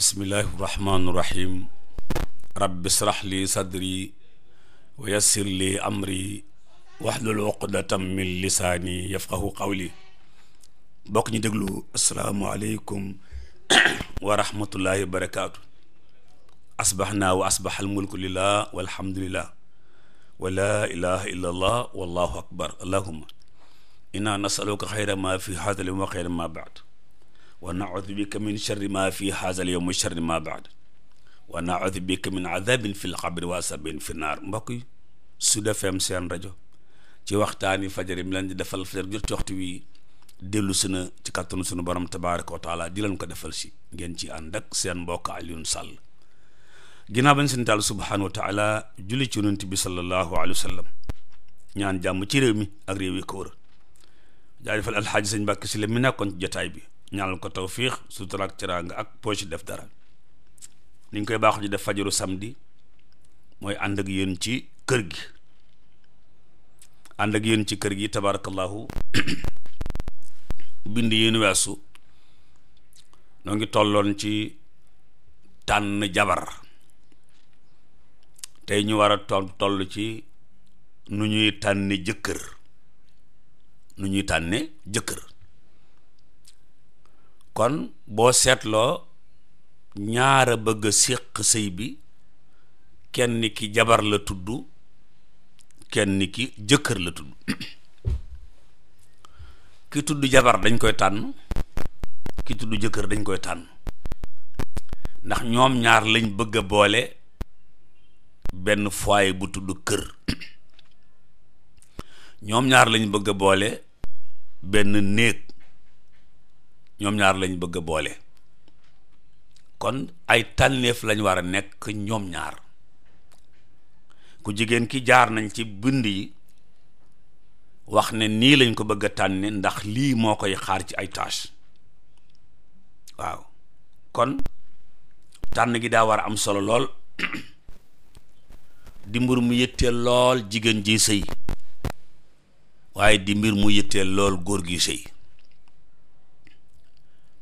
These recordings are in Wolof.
bismillahi rahmaani rahim rabbi israh li sadri wa yassir li amri wahlul uqdatam min lisaani yafqahu qawli bokk ñu déglu asalaamualeykum wa rahmatullahi wa barakaatu asbaxnaa wa asbaxal mulku lillah walhamdulillah wa laa ilaha illa allah wallahu akbar allahumma inna nasaluka xayra ma fi haadal yawm wa xayra ma baad wa naudu bika min sharri ma fi haazal yowm wa ma baad wa naudu bika min adabin fi lxabri wa asabin fi naar mbokk yi Sud FM seen rajo ci waxtaani fajar yi mi leen di defal fajar jot ci waxtu wi dellu si na ci kattanu sunu borom tabaaraka wa taala leen ko defal si ngeen ci ànd seen mbokk Alioune Sall ginnaaw bañ seen taal subhaanahu wa taala julli ci yonent bi sallallahu alayhi wa sallam ñaan jàmm ci réew mi ak réew yi ko wër jaajëfal alxaaji si la mi nekkoon ci bi ñaanal ko tawfiix sutura ak teraanga ak poche def dara ni ñu koy baaxu ji def fajaru samedi mooy ànd ak yéen ci kër gi ànd yéen ci kër gi tabarakallahu bind yéen weesu noo ngi tolloon ci tànn jabar tey ñu war a toll ci nu ñuy tànn jëkkër nu ñuy tànne jëkkër kon boo seetloo ñaara bëgg a sëy bi kenn ki jabar la tudd kenn ki jëkkër la tudd ki tudd jabar dañ koy tànn ki tudd jëkkër dañ koy tànn ndax ñoom ñaar lañ bëgg a boole benn foyer bu tudd kër ñoom ñaar lañ bëgg a boole benn néeg ñoom ñaar lañ bëgg boole kon ay tànneef lañ war a nekk ñoom ñaar ku jigéen ki jaar nañ ci bind yi wax ne nii lañ ko bëgg a tànne ndax lii moo koy xaar ci ay tâche waaw kon tànn gi daa war a am solo lool di mbir mu yëttee lool jigéen ji sëy waaye di mbir mu yëttee lool góor gi sëy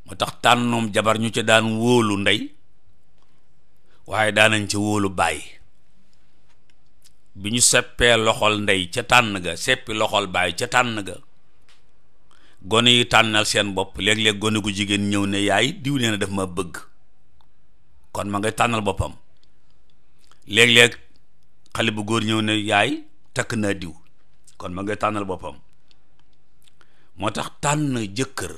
moo tax tànn tànnoom jabar ñu ca daan wóolu ndey waaye daanañ ci wóolu baay bi ñu seppee loxol ndey ca tànn ga seppi loxol baay ca tànn ga gone yi tànnal seen bopp léeg-léeg gone gu jigéen ñëw ne yaay diw nee na daf ma bëgg kon ma ngay tànnal boppam léeg-léeg xale bu góor ñëw ne yaay takk naa diw kon ma ngay tànnal boppam moo tax tànn jëkkër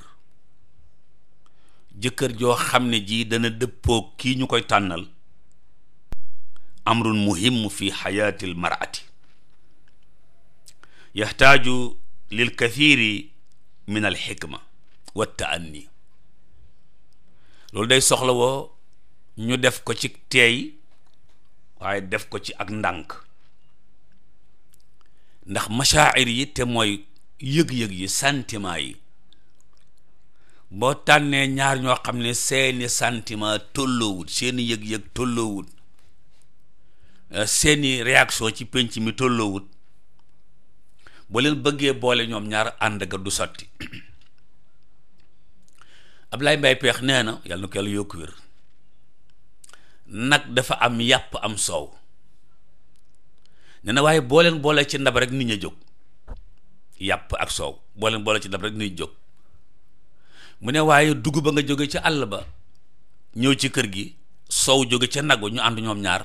jëkkër joo xam ne jii dana dëppoo kii ñu koy tànnal amrun muhim fi xayaati l marati yaxtaaju lil kathiri min al xikma wa taanni loolu day soxlawoo ñu def ko ci teey waaye def ko ci ak ndànk ndax mashaa'ir yi te mooy yëg-yëg yi santiment yi boo tànnee ñaar ñoo xam ne seeni sentiment tolloowut seeni yëg-yëg tolloowut euh, seeni réaction ci penc mi tolloowut boo leen bëggee boole ñoom ñaar ànd ga du sotti Ablaye Mbaye Peex nee na yàlla na ko yàlla yokku wér nag dafa am yàpp am soow nee na waaye boo leen boole ci ndab rek nit ña jóg yàpp ak soow boo leen boole ci ndab rek nit jóg mu ne waaye dugub ba nga jóge ca àll ba ñëw ci kër gi soow jóge ca nag ñu ànd ñoom ñaar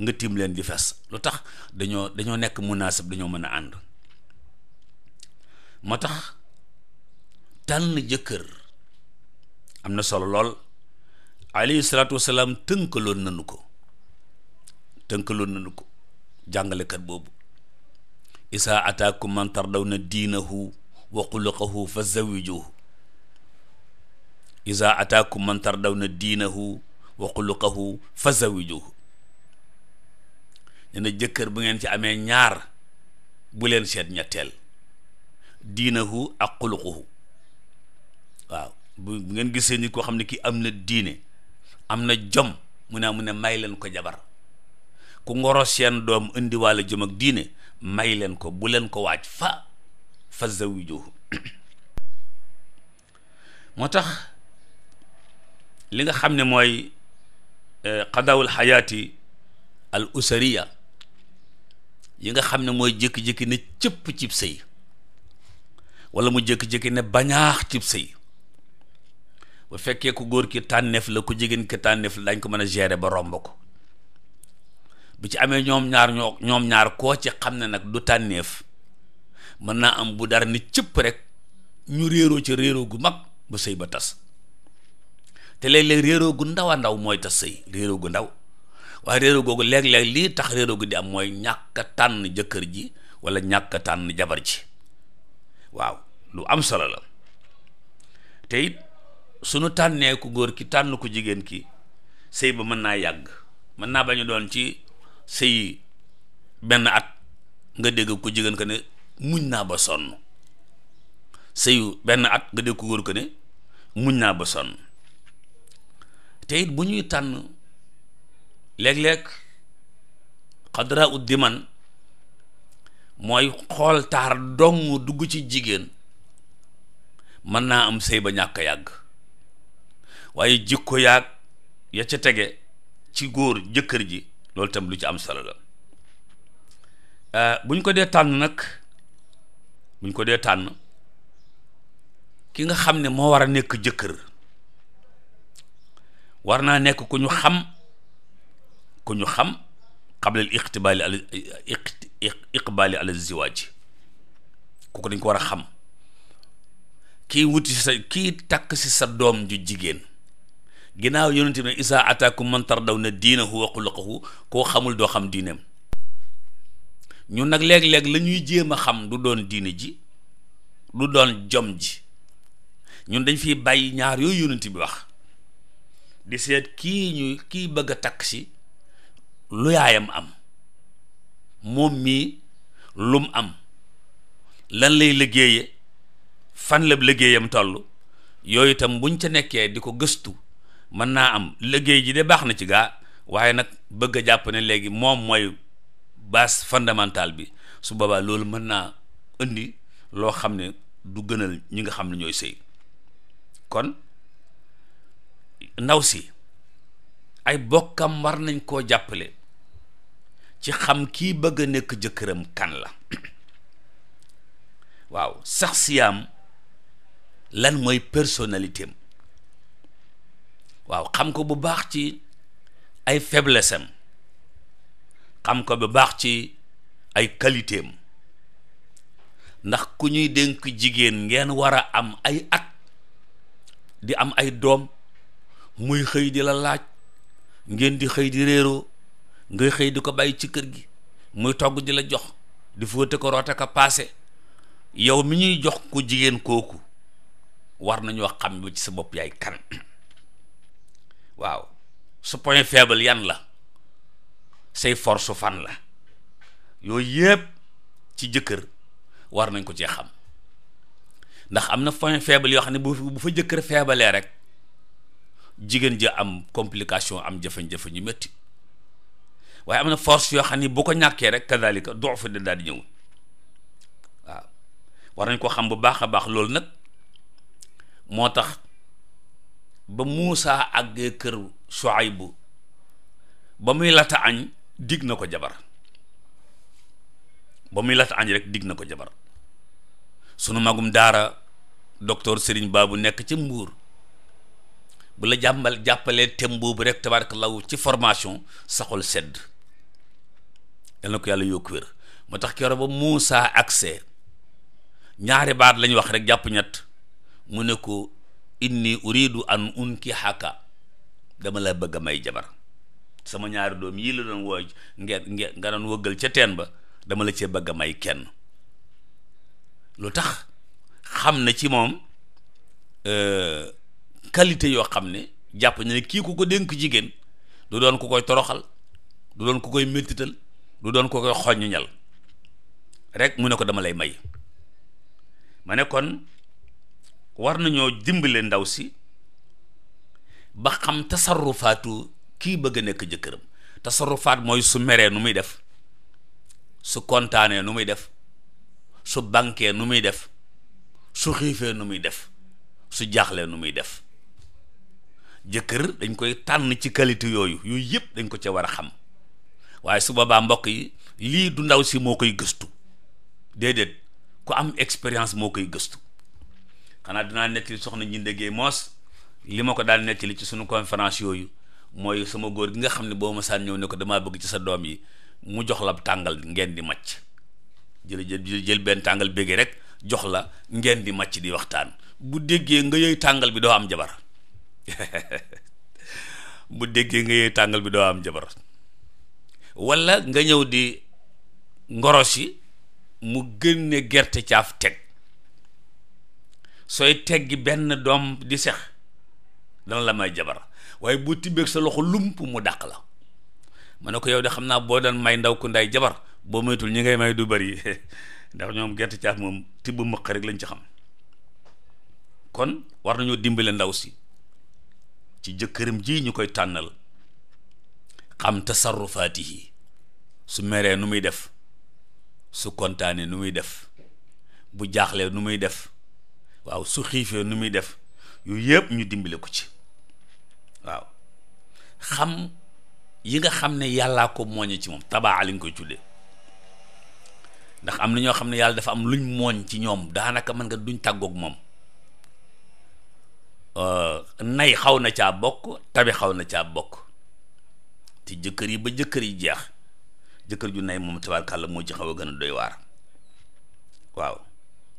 nga tiim leen di fes lu tax dañoo dañoo nekk munaasib dañoo mën a ànd moo tax tànn jëkkër am na solo lool alayhi salaatu wasalaam tënkaloon nanu ko tënkaloon nanu ko jàngalekat boobu isaa ataakum daw na diinahu wa xuluqahu fa zawijuhu iza ataakum man tardawna diinahu wa xuluqahu fa zawijuhu ne na jëkkër bu ngeen ci amee ñaar bu leen seet ñetteel diinahu ak xuluquhu waaw bu ngeen gisee ni koo xam ne kii am na diine am na jom mu naa mu ne may leen ko jabar ku ngoro seen doom indiwaale jom ak diine may leen ko buleen ko waaj fa fa zawijuhu moo tax li nga xam ne mooy euh, qadawul xayaati al usariya yi nga xam ne mooy jékki-jékki cëpp cib sëy wala mu jékki-jékki ne bañaax cib sëy bu fekkee ku góor ki tànneef la ku jigéen ki tànneef la dañ ko mën a gérer ba romb ko bu ci amee ñoom ñaar ñoo koo ci xam ne nag du tànneef mën naa am bu dara ne cëpp rek ñu réeroo ci réeroo gu mag bu sëy ba tas te léeg-léeg réeroo gu ndaw a ndaw mooy tas sëy réeroo gu ndaw waaye réeroo googu léeg-léeg lii tax réeroo gu di am mooy ñàkk tànn jëkkër ji wala ñàkk tànn jabar ji waaw lu am solo la te it sunu tànnee ku góor ki tànn ku jigéen ki sëy ba mën naa yàgg mën naa bañu doon ci sëy benn at nga dégg ku jigéen ko ne muñ naa ba sonn sëyu benn at nga dégg ku góor ko ne muñ naa ba sonn te bu ñuy tànn léeg-léeg xadra ut di man mooy xool taar dong dugg ci jigéen mën naa am sëy ba ñàkk yàgg waaye jikko yàgg ya ca tege ci góor jëkkër ji loolu tam lu ci am solo la euh, bu ñu ko dee tànn nag bu ñu ko dee tànn ki nga xam ne moo war a nekk jëkkër war naa nekk ku ñu xam ku ñu xam xablal iqtibaali al iqbaali ala ziwaaj kooku dañ ko war a xam kii wuti sa kii takk si sa doom ju jigéen ginnaaw yonent bi ne isaa ataakum diina tardawna diinahu wa xuluqahu koo xamul doo xam diineem ñun nag léeg-léeg lañuy ñuy jéem a xam du doon diine ji du doon jom ji ñun dañ fi bàyyi ñaar yooyu yonent bi wax di seet kii ñuy kii bëgg a takk si lu yaayam am moom mii lum am lan lay liggéeye fan la liggéeyam toll yooyu itam buñ ca nekkee di ko gëstu mën naa am liggéey ji de baax na ci gaa waaye nag bëgg a jàpp ne léegi moom mooy base fondamentale bi su boobaa loolu mën naa indi loo xam ne du gënal ñi nga xam ne ñooy sëy kon ndaw si ay bokkam war nañ koo jàppale ci xam kii bëgg a nekk jëkkëram kan la waaw sax siyaam lan mooy personnalité waaw xam ko bu baax ci ay faiblesse xam ko bu baax ci ay qualité ndax ku ñuy dénk jigéen ngeen war a am ay at di am ay doom muy xëy di la laaj ngeen di xëy di réeroo ngay xëy di ko bàyyi ci kër gi muy togg di la jox di fóote ko roote ko paase yow mi ñuy jox ku jigéen kooku war nañoo xam ci sa bopp yaay kan waaw su point faible yan la say force fan la yooyu yëpp ci jëkkër war nañ ko cee xam ndax am na point faible yoo xam ne bu bu fa jëkkër feebalee rek jigéen ja am complication am jafe-jafe ñu métti waaye am na force yoo xam ni bu ko ñàkkee rek kadalika doo fa de daal di ñëw waaw war nañ ko xam bu baax a baax loolu nag moo tax ba Muusaa àggee kër Shuaybu ba muy lata añ digg na ko jabar ba muy lata añ rek digg na ko jabar sunu magum daara docteur Serigne bu nekk ci Mbuur bu la jàmbal jàppalee tem boobu rek tabarakallahu ci formation saxul sedd yal na ko yàlla yokku wér moo tax keroog ba Moussa accès ñaari baat lañ wax rek jàpp ñett mu ne ko inni uridu an unkihaka dama la bëgg a may jabar sama ñaari doom yii la doon woo ngeen ngeen nga doon wëggal ca teen ba dama la cee bëgg a may kenn lu tax xam na ci moom euh, qualité yoo xam ne jàpp na ne kii ku ko dénk jigéen du doon ku koy toroxal du doon ku koy mettital du doon ku koy xoññal rek mu ne ko dama lay may ma ne kon war nañoo dimbale ndaw si ba xam tasarrufaatu kii bëgg a nekk jëkkëram tasarrufaat mooy su meree nu muy def su kontaanee nu muy def su bankee nu muy def su xiifee nu muy def su jaaxlee nu muy def jëkkër dañ koy tànn ci qualité yooyu yooyu yëpp dañ ko ca war a xam waaye su boobaa mbokk yi lii du ndaw si moo koy gëstu déedéet ku am expérience moo koy gëstu xanaa dinaa nettali soxna Njinde déggee moos li ma ko daal nettali ci sunu conférence yooyu mooy sama góor gi nga xam ne boo ma saan ñëw ne ko damaa bëgg ci sa doom yi mu jox la tàngal ngeen di macc jël jël jël benn tàngal béggee rek jox la ngeen di màcc di waxtaan bu déggee nga yooyu tàngal bi doo am jabar bu déggee nga yee tàngal bi doo am jabar walla nga ñëw di ngoros yi mu gën ne gerte caaf teg sooy teg gi benn doom di sex dana la may jabar waaye bu tibbeeg sa loxo lump mu dàq la ma ne ko yow de xam naa boo doon may ndaw ku nday jabar boo moytul ñi ngay may du bari ndax ñoom gerte caaf moom tibb mëq rek lañ ci xam kon war nañoo dimbale ndaw si ci jëkkëram ji ñu koy tànnal xam tasarrufaatihi su meree nu muy def su kontaanee nu muy def bu jaaxlee nu muy def waaw su xiifee nu muy def yu yëpp ñu dimbale ko ci waaw xam yi nga xam ne yàllaa ko mooñe ci moom tabaa lañ koy tuddee ndax am na ñoo xam ne yàlla dafa am luñ mooñ ci ñoom daanaka mën nga duñ tàggook moom Euh, nay xaw na caa bokk tabe xaw na caa bokk te jëkkër yi ba jëkkër yi jeex jëkkër ju nay moom tabaarkàlla moo ci xaw a gën a doy waar waaw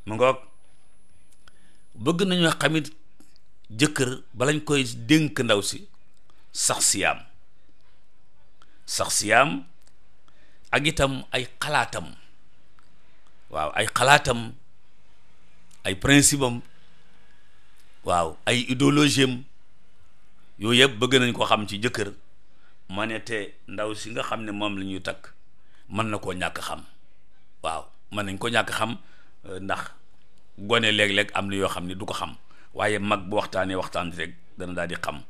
mu ngoog bëgg nañu xamit jëkkër balañ koy dénk ndaw si sax siyaam sax siyaam ak itam ay xalaatam waaw ay xalaatam ay principe waaw ay idéologie am yooyu yëpp bëgg nañ ko xam ci jëkkër ma te ndaw si nga xam ne moom lañuy takk mën na koo ñàkk xam waaw mën nañ ko ñàkk xam euh, ndax gone léeg-léeg am na yoo xam ne du ko xam waaye mag bu waxtaanee waxtaan rek dana daal di xam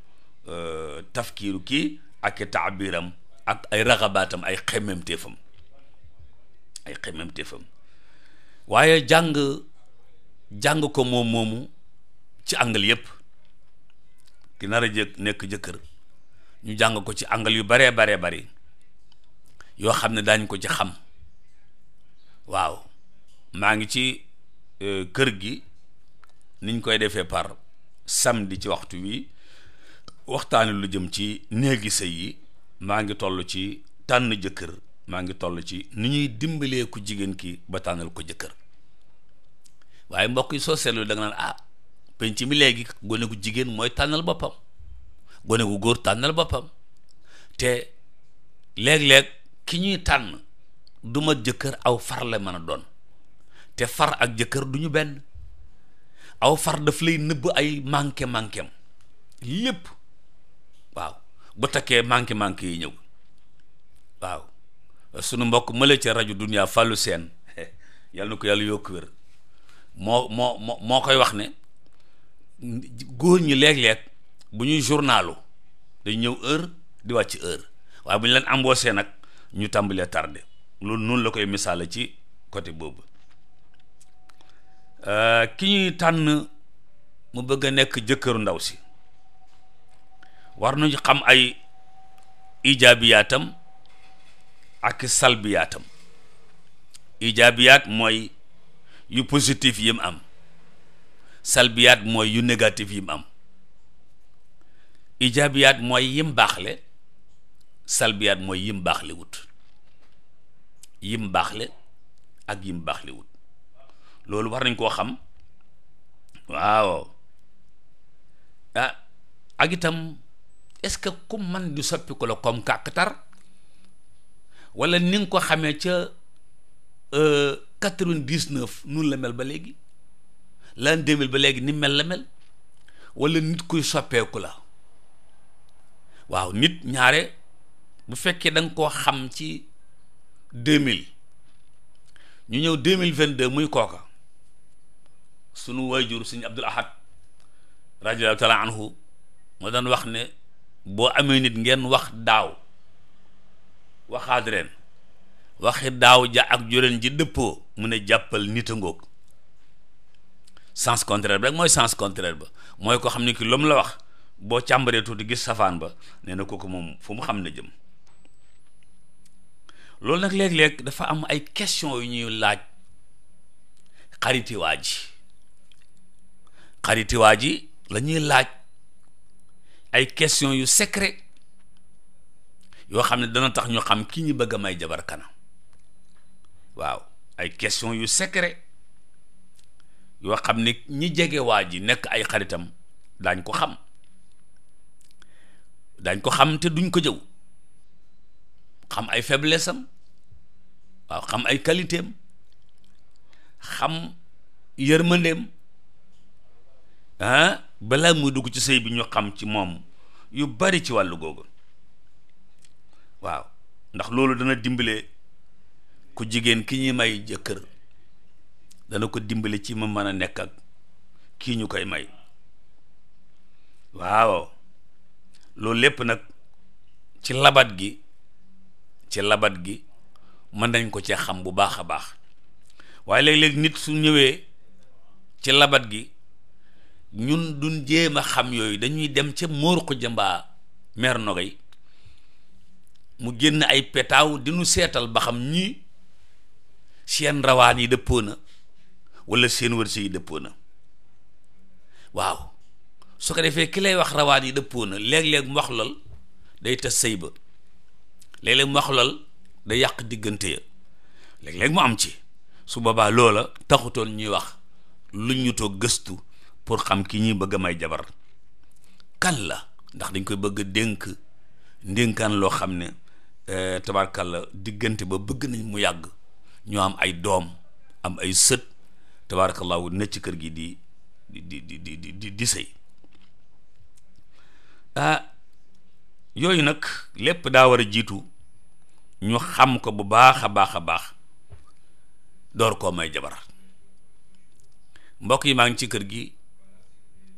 euh, tafkiiru kii ak i taabiram ak ay raxabaatam ay xemmemteefam ay xemmemteefam waaye jàng jàng ko moom moomu ci angle yëpp ki nar jëkk nekk jëkkër ñu jàng ko ci angle yu baree baree bari yoo xam ne daañ ko ci xam waaw maa ngi ci e, kër gi niñ koy defee par samedi ci waxtu wi waxtaani lu jëm ci néegi sëy yi maa ngi tollu ci tànn jëkkër maa ngi toll ci ni ñuy dimbaleeku jigéen ki ba tànnal ko jëkkër waaye mbokk yi soo seetlu da nga naan ah penc mi léegi gone gu jigéen mooy tànnal boppam gone gu góor tànnal boppam te léeg-léeg ki ñuy tànn du ma jëkkër aw far la mën a doon te far ak jëkkër du ñu benn aw far daf lay nëbb ay manqué manqué am lépp waaw bu takkee manqué manqué yi ñëw waaw sunu mbokk mële ca rajo Dunia falu Seen yàlla na ko yàlla yokk wér moo moo moo koy wax ne góor ñi léeg-léeg bu ñuy journalu dañ ñëw heure di wàcc heure waaye bu ñu leen embauché nag ñu tàmbalee tardé loolu noonu la koy misaale ci côté boobu euh, ki ñuy tànn mu bëgg a nekk jëkkëru ndaw si war nañu xam ay ijaabiyaatam ak salbiyaatam ijaabiyaat mooy yu positif yi am salbiyaat mooy yu négatif yim am ijaabiyaat mooy yim baaxle salbiyaat mooy yim baaxle wut yim baaxle ak yim baaxle wut loolu war nañ koo xam waaw ah, ak itam est-ce que ku man di soppi ko la comme kàkkatar wala ni nga ko xamee ca euh, quatre-vingt-dix-neuf nun la mel ba léegi l'an 2000 ba léegi ni mel la mel walla nit kuy soppeeku la waaw nit ñaare bu fekkee danga nga koo xam ci 2000 ñu ñëw 2022 muy kooka sunu waajur suñu Abdul Ahad radiyallahu taala anhu moo daan wax ne boo amee nit ngeen wax daaw waxaat ren waxi daaw ja ak juren ji dëppoo mu ne jàppal nit a ngoog sens contraire bi rek mooy sens contraire ba mooy ko xam ne ki lu mu la wax boo càmbaree tuuti gis safaan ba nee na kooku moom fu mu xam ne jëm loolu nag léeg-léeg dafa am ay question yu ñuy laaj xariti waa ji xariti waa ji la laaj ay question yu secret yoo xam ne dana tax ñu xam ki ñu bëgg a may jabar kana waaw ay question yu secret yoo xam ne ñi jege waa ji nekk ay xaritam daañ ko xam daañ ko xam te duñ ko jëw xam ay faiblesse am waaw xam ay qualité am xam yërmandeem ah, balaa muy dugg ci sëy bi ñu xam ci moom yu bari ci wàllu googu waaw ndax loolu dana dimbale ku jigéen ki ñuy may jëkkër dana ko dimbali ci ma mën a nekk ak kii ñu koy may waaw loolu lépp nag ci labat gi ci labat gi mën nañ ko cee xam bu baax a baax waaye léeg-léeg nit su ñëwee ci labat gi ñun duñ jéem xam yooyu dañuy dem ca móor ko jëmbaa meer nogay mu génn ay petaaw di nu seetal ba xam ñii seen rawaan yi dëppoo na wala seen wërsëg yi dëppoo na waaw su ko defee ki lay wax rawaat yi dëppoo na léeg-léeg mu wax lool day tas sëy ba léeg-léeg mu day yàq diggante ya léeg-léeg mu am ci su boobaa loola taxutoon ñuy wax lu ñu toog gëstu pour xam ki ñuy bëgg a may jabar kan la ndax dañ koy bëgg a dénk ndénkaan loo xam ne eh, la diggante ba bëgg nañ mu yàgg ñoo am ay doom am ay sët tabaarakallaahu ne ci kër gi di di di di di sëy ah, yooyu nag lépp daa war a jiitu ñu xam ko bu baax a baax a baax door koo may jabar mbokk yi maa ngi ci kër gi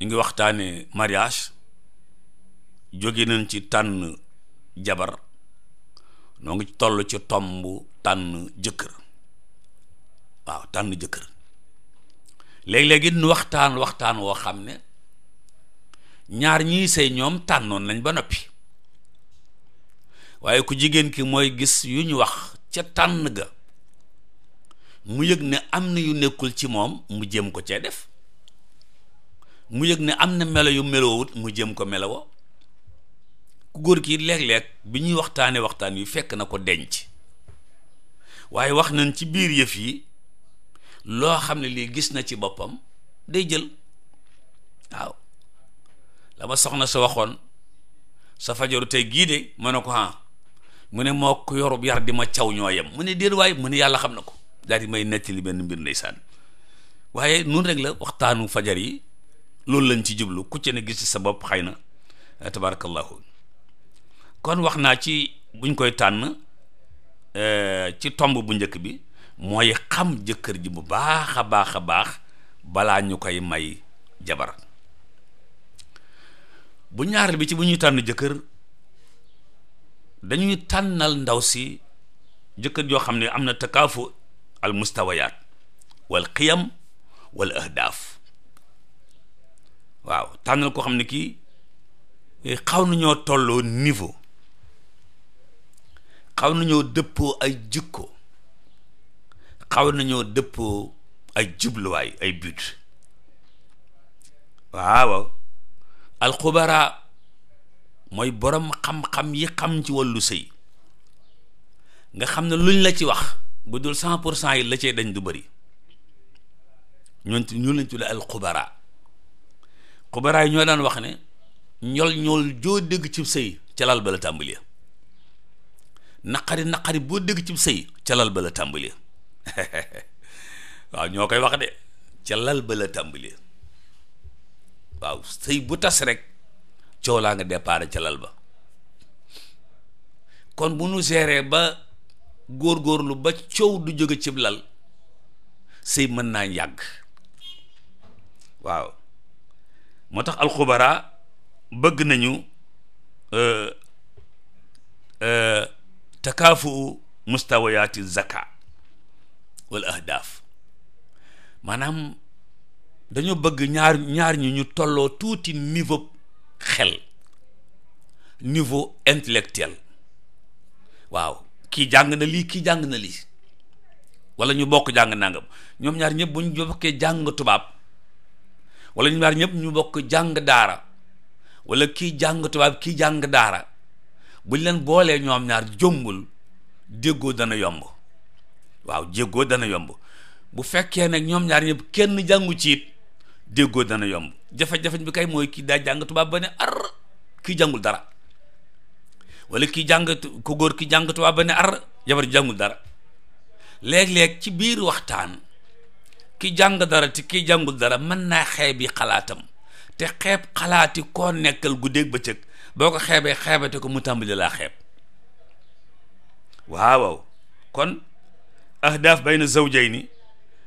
ñu ngi waxtaanee mariage jóge nañ ci tànn jabar noo ngi toll ci tomb tànn jëkkër waaw tànn jëkkër léeg-léegi nu waxtaan waxtaan woo xam ne ñaar ñii say ñoom tànnoon nañ ba noppi waaye ku jigéen ki mooy gis yu ñu wax ca tànn ga mu yëg ne am na yu nekkul ci moom mu jëm ko cee def mu yëg ne am na melo yu melowut mu jëm ko melowoo ku góor ki léeg-léeg bi ñuy waxtaanee waxtaan yu fekk na ko denc waaye wax nañ ci biir yëf yi loo xam ne lii gis na ci boppam day jël waaw dama soxna sa waxoon sa fajaru tey gii de ma ne ko ah mu ne moo ko yorub yar di ma caw ñoo yem mu ne déet waaye mu ne yàlla xam na ko daal di may nettali benn mbir ndeysaan waaye nun rek la waxtaanu fajar yi loolu lañ ci jublu ku ci ne gis ci sa bopp xay na eh, tabarakallahu kon wax naa ci buñ koy tànn eh, ci tomb bu njëkk bi mooy xam jëkkër ji bu baax a baax a baax balaa ñu koy may jabar bu ñaareel bi ci bu ñuy tànn jëkkër dañuy tànnal ndaw si jëkkër joo xam ne am na takaafu al mustawayaat wal qiyam waaw tànnal koo xam ne kii eh, xaw nañoo tolloo niveau xaw nañoo dëppoo ay jikko xaw nañoo dëppoo ay jubluwaay ay but waaw alxubara mooy borom xam-xam yi xam ci wàllu sëy nga xam ne luñ la ci wax bu dul cent pour cent yi la cee dañ du bëri ñun ñu lañ tuddee alxubara xubara yi ñoo daan wax ne ñool ñol joo dégg ci sëy ca lal tàmbali naqari naqari boo dégg ci sëy ca lal ba la tàmbali waaw ñoo koy wax de ca lal ba la tàmbali waaw sëy bu tas rek coow laa nga départ ca lal ba kon bu nu seeree ba góor góorgóorlu ba coow du jóge cib lal sëy mën naa yàgg waaw moo tax alxubaraa bëgg nañu euh, euh, takaafu mustawayaati zaka wala ahdaaf maanaam dañoo bëgg ñaar ñaar ñi ñu tolloo tuuti niveau xel niveau intellectuel waaw kii jàng na lii kii jàng na lii wala ñu bokk jàng nangam ñoom ñaar ñëpp bu ñu bokkee jàng tubaab wala ñu ñaar ñëpp ñu bokk jàng daara wala kii jàng tubaab kii jàng daara buñ leen boolee ñoom ñaar jombul déggoo dana yomb waaw jéggoo dana yomb bu fekkee nag ñoom ñaar ñëpp kenn jàngu ci it dana yomb jafe-jafe bi kay mooy kii da jàng tubaab ba ne ar kii jàngul dara wala kii jàng ko góor ki jàng tubaab ar jabar jàngul dara léeg-léeg ci biir waxtaan ki jàng dara te kii jàngul dara mën naa xeebi xalaatam te xeeb xalaati koo nekkal ba bëccëg boo ko xeebee xeebate ko mu tàmbali laa xeeb waaw kon ahdaaf bayna zawjayni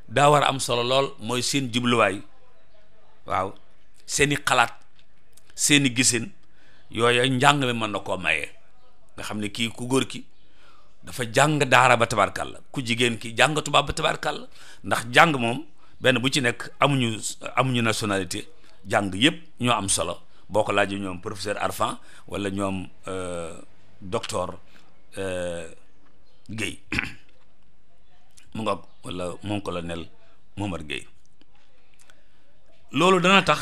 daa war a am solo lool mooy seen jubluwaay waaw seeni xalaat seeni gisin yooya njàng mi mën na koo maye nga xam ne kii ku góor ki dafa jàng daara ba tabarkàlla ku jigéen ki jàng tubaab ba tabarkàlla ndax jàng moom benn bu ci nekk amuñu amuñu nationalité jàng yëpp ñoo am solo boo ko laajee ñoom professeur Arfan wala ñoom euh, docteur euh, Guèye mu ngoog wala mon nel Momar Gueye loolu dana tax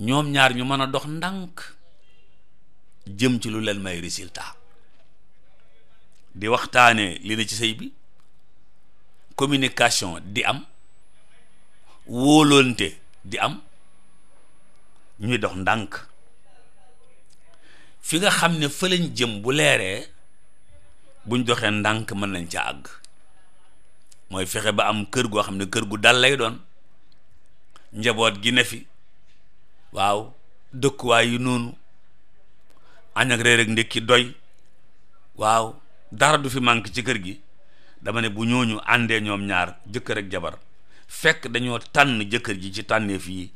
ñoom ñaar ñu mën a dox ndànk jëm ci lu leen may résultat di waxtaane li na ci sëy bi communication di am wóolonte di am ñuy dox ndànk fi nga xam ne fa jëm bu leeree buñ doxee ndànk mën nañ ca àgg mooy fexe ba am kër goo xam ne kër gu dal lay doon njaboot gi ne fi waaw dëkkuwaay yu noonu añ ak reer doy waaw dara du fi manque ci kër gi dama ne bu ñooñu àndee ñoom ñaar jëkkër ak jabar fekk dañoo tànn jëkkër ji ci tànneef fii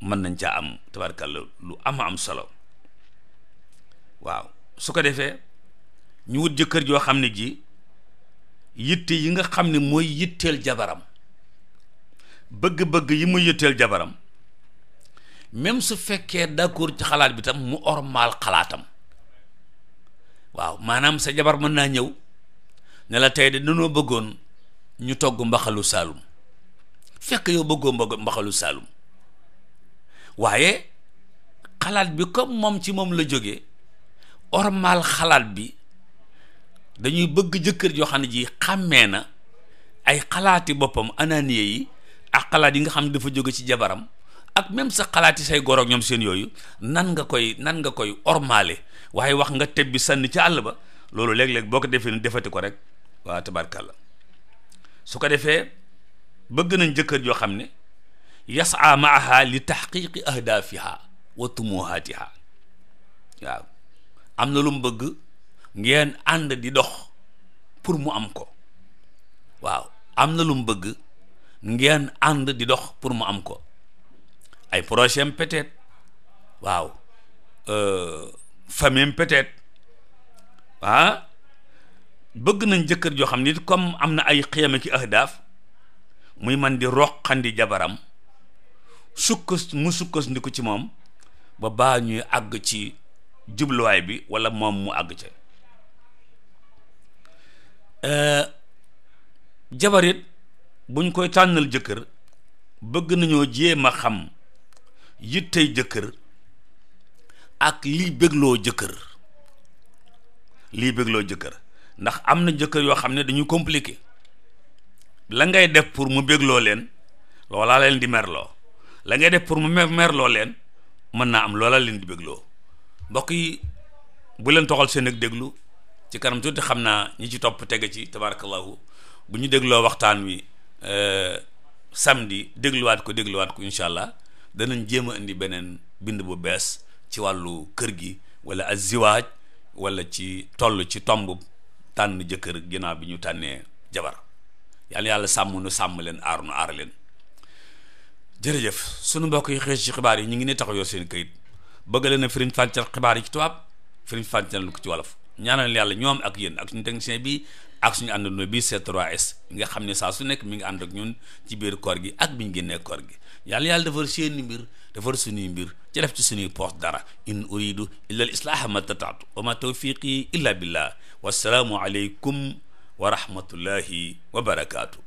mën nañ caa am tabarkalla lu am am solo waaw su ko defee ñu wut jëkkër joo xam ne ji yitte yi nga xam ne mooy yitteel jabaram bëgg-bëgg yi muy yitteel jabaram même su fekkee d'accord ci xalaat bi tam mu ormaal xalaatam waaw maanaam sa jabar mën naa ñëw ne la tey de danoo bëggoon ñu togg mbaxalu saalum fekk yow bëggoo mbaxalu saalum waaye xalaat bi comme moom ci moom la jóge ormaal xalaat bi dañuy bëgg jëkkër joo xam ne ji xàmmee na ay xalaati boppam ananiye yi ak xalaat yi nga xam ne dafa jóge ci jabaram ak même sa xalaati say goroog ñoom seen yooyu nan nga koy nan nga koy ormaale waaye wax nga tebbi bi sànni ci àll ba loolu léeg-léeg boo ko defee ni defati ko rek waa tabarkàlla su ko defee bëgg nañ jëkkër joo xam ne yasaa maaha li taxqiqi ahdaafiha wa tumuhaatiha waaw am na lu mu bëgg ngeen ànd di dox pour mu am ko waaw am na lu mu bëgg ngeen ànd di dox pour mu am ko ay projet peut-être waaw euh, famille peut-être ah bëgg nañ jëkkër joo xam ni comme am na ay xiyama ki ahdaaf muy man di roqandi jabaram sukkas mu sukkas ndi ci moom ba baa ñuy àgg ci jubluwaay bi walla moom mu àgg ca Euh, jabarit buñ koy tànnal jëkkër bëgg nañoo jéem a xam yittey jëkkër ak lii bégloo jëkkër lii bégloo jëkkër ndax am na jëkkër yoo xam ne dañu compliqué la ngay def pour mu bégloo leen loolaa leen di merloo la ngay def pour mu merloo leen mën naa am loola leen di bégloo mbokk bu leen toxal seen ak déglu ci kanam tuuti xam naa ñi ci topp tege ci tabarakallahu bu ñu dégloo waxtaan wi euh, samedi dégluwaat ko dégluwaat ko incha allah danañ jéem a indi beneen bind bu bees ci wàllu kër gi wala aziwaaj wala ci toll ci tomb tànn jëkkër ginnaaw bi ñu tànnee jabar yàlla yàlla sàmm nu sàmm leen aar nu aar leen jërëjëf sunu mbokk yi xëy ci xibaar yi ñu ngi ne taxaw yor seen këyit bëgg leen a firiñ xibaar yi ci tubaab firiñ fàncal ko ci wolof ñaanal yàlla ñoom ak yen ak suñu technicien bi ak suñu àndandoo bi C3S nga xam ne saa su nekk mi ngi ànd ak ñun ci biir koor gi ak bi ñu génnee koor gi yàlla yàlla seen seeni mbir defar suñuy mbir ci def ci suñuy poos dara in uridu illa al islaaha ma tataatu wa ma tawfiqi illa billah wassalaamu aleykum wa rahmatullahi wa barakaatu